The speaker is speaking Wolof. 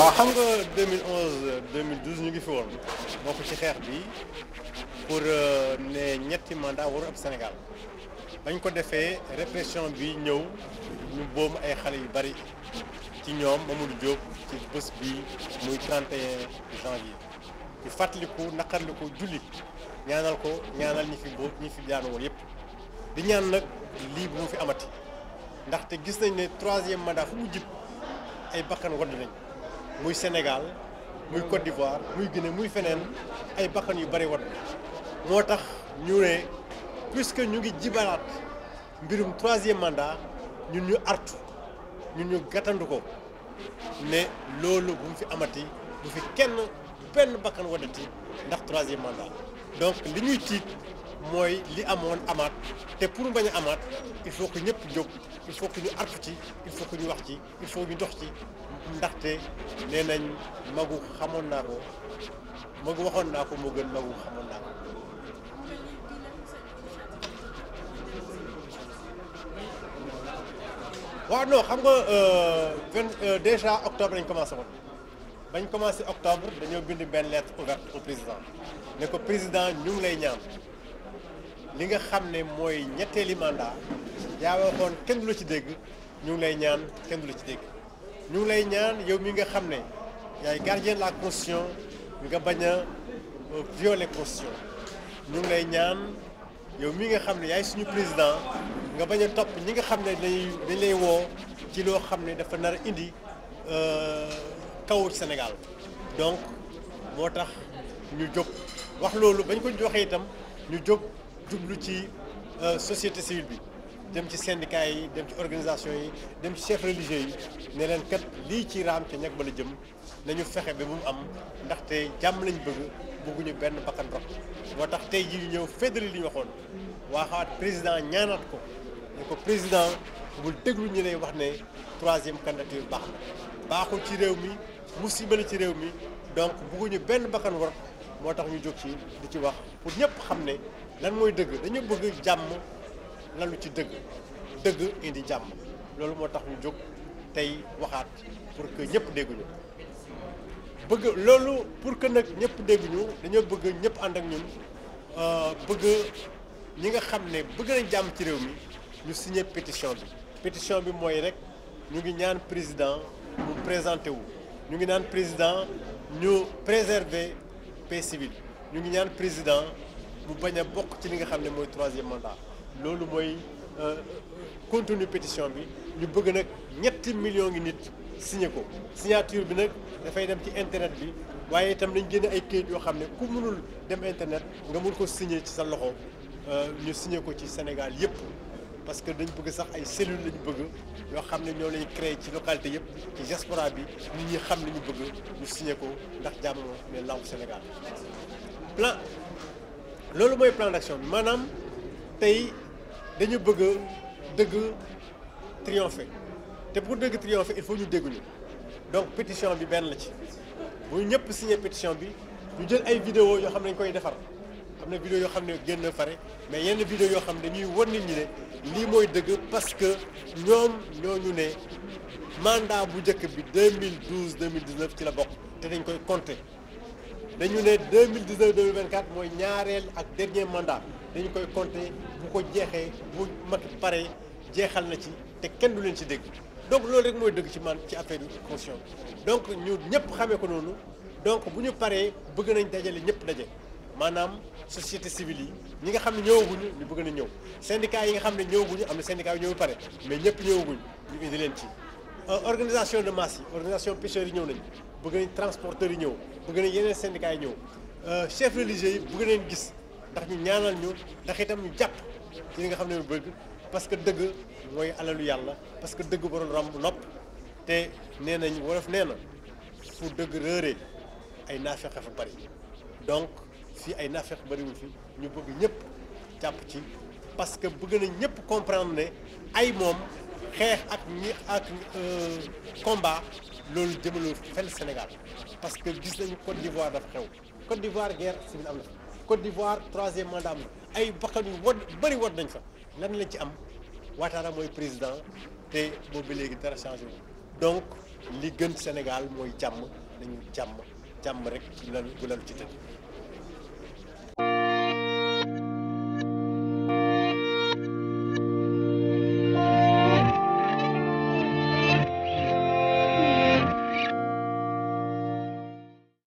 waa xam nga 2011 2012 ñu ngi fi woon bokk ci xeex bi pour euh, ne ñetti mandat waru ab Sénégal bañ ko defee répression bi ñëw ñu boobu ay xale yu bari ci ñoom Mamadou Diop ci bés bi muy 31 janvier ñu fàttaliku naqarliku julli ñaanal ko ñaanal ñi fi boobu ñi fi daan woon yëpp di ñaan nag lii bu mu fi amati ndaxte gis nañ ne troisième mandat fu mu jib ay bakkan wadd nañ muy Sénégal muy Côte d'Ivoire muy Guinée muy feneen ay bakkan yu bari wat moo tax ñu ne puisque ñu ngi jibalaat mbirum troisième mandat ñun ñu artu ñun ñu gàttandu ko ne loolu bu mu fi amati bu fi kenn benn bakkan wadati ndax troisième mandat donc li ñuy tiit mooy li amoon amaat te pour bañ a amaat il faut que ñëpp jóg il faut que ñu artu ci il faut que ñu wax ci il faut ñu dox ci ndaxte nee nañ magu xamoon naa ko magu waxoon naa ko moo gën magu xamoon naa ko. waaw non xam nga euh, vingt euh, déjà octobre lañ commencé woon bañ commencé octobre dañoo bind benn lettre ouverte au président ne ko président ñu lay ñaan. li nga xam ne mooy ñetteeli mandat yaa waxoon kenn du la ci dégg ñu ngi lay ñaan kenn du la ci dégg ñu ngi lay ñaan yow mii nga xam ne yaay gardien de la constitution nga bañ a euh, violer constitution ñu ngi lay ñaan yow mi nga xam ne yaay suñu président nga bañ a topp ñi nga xam ne dañuy dañ lay woo ci loo xam ne dafa nar indi euh, kaw Sénégal donc moo tax ñu jóg wax loolu bañ ko joxee itam ñu jóg. jublu ci euh, société civile bi dem ci syndicat yi dem ci organisation yi dem ci chef religieux yi ne lii ci raam ca ñag ba la jëm nañu fexe ba mu am ndaxte jàmm lañ bëgg bëgguñu benn bakkan rot moo tax tey jii ñëw fédéral li ñu waxoon waxaat président ñaanaat ko ne ko président bul déglu ñu lay wax ne troisième candidature baax baaxul ci réew mi musiba la ci réew mi donc bugguñu benn bakkan rot moo tax ñu jóg ci di ci wax pour ñëpp xam ne lan mooy dëgg dañu bëgg jàmm lalu ci dëgg dëgg indi jàmm loolu moo tax ñu jóg tey waxaat pour que ñëpp dégguñu bëgg loolu pour que nag ñëpp dégguñu dañoo bëgg ñëpp ànd ak ñun euh, bëgg ñi nga xam ne bëgg nañ jàmm ci réew mi ñu signé pétition bi pétition bi mooy rek ñu ngi ñaan président mu présenté wu ñu ngi naan président ñu préserver paix civile ñu ngi ñaan président mu bañ a bokk ci li nga xam ne mooy troisième mandat loolu mooy euh, euh, contenu pétition bi ñu bëgg nag ñetti millions ngi nit signé ko signature bi nag dafay dem ci internet bi waaye itam nañ génne ay kayit yoo xam ne ku mënul dem internet nga mun ko signé ci sa loxo euh, ñu signé ko ci Sénégal yëpp parce que dañ bëgg sax ay cellules la bëgg yoo xam ne ñoo lay créé ci localité yëpp ci diaspora bi nit ñi xam li ñu bëgg ñu signé ko ndax jàmm mais langue Sénégal plan loolu mooy plan d'action bi maanaam tey dañu bëgg dëgg triompher te pour dëgg triompher il faut ñu dégguñu donc pétition bi benn la ci bu ñëpp signé pétition bi ñu jël ay vidéo yoo xam ne dañ koy defar am ne vidéo yoo xam ne génn fare mais yenn vidéo yoo xam ne dañuy wan nit ñi ne nii mooy dëgg parce que ñoom ñoo ñu ne mandat bu njëkk bi 2012 2019 ci la bokk te dañ koy compter dañu ne 2019 2024 mooy ñaareel ak dernier mandat dañu koy compter bu ko jeexee bu mat pare jeexal na ci te kenn du leen ci dégg donc loolu rek mooy dëgg ci man ci affaire bi conscience donc ñu ñëpp xamee ko noonu donc bu ñu paree bëgg nañ dajale ñëpp daje. maanaam société civile yi ñi nga xam ne ñëwaguñu ñu bëgg na ñëw syndicat yi nga xam ne ñëwaguñu am na syndicat yu ñëw pare mais ñëpp ñëwaguñu ñu indi leen ci euh, organisation de masse yi organisation pêcheurs yi ñëw nañu bëgg nañ transporteurs yi ñëw bëgg nañ yeneen syndicats yi ñëw euh, chef religieux yi bëgg nañ gis ndax ñu ñaanal ñu ndax itam ñu jàpp ci li nga xam ne bëgg parce que dëgg mooy alalu yàlla parce que dëgg borom romb nopp te nee nañ wolof nee na fu dëgg réeree ay naafeq fa bari fii ay naafeq bëriwul fi ñu bëgg ñëpp jàpp ci parce que bëgg nañ ñëpp comprendre ne ay moom xeex ak ñi ak euh, combat loolu jëmaloo fenn Sénégal parce que gis nañu Côte d'Ivoire dafa xew Côte d'Ivoire guerre civile am na fa Côte d'Ivoire troisième mandat am na ay bakkan yu wad bëri wad nañ fa lan lañ ci am Ouattara mooy président te boobu léegi dara changé donc li gën Sénégal mooy jàmm nañu jàmm jàmm rek lan la lan ci tëdd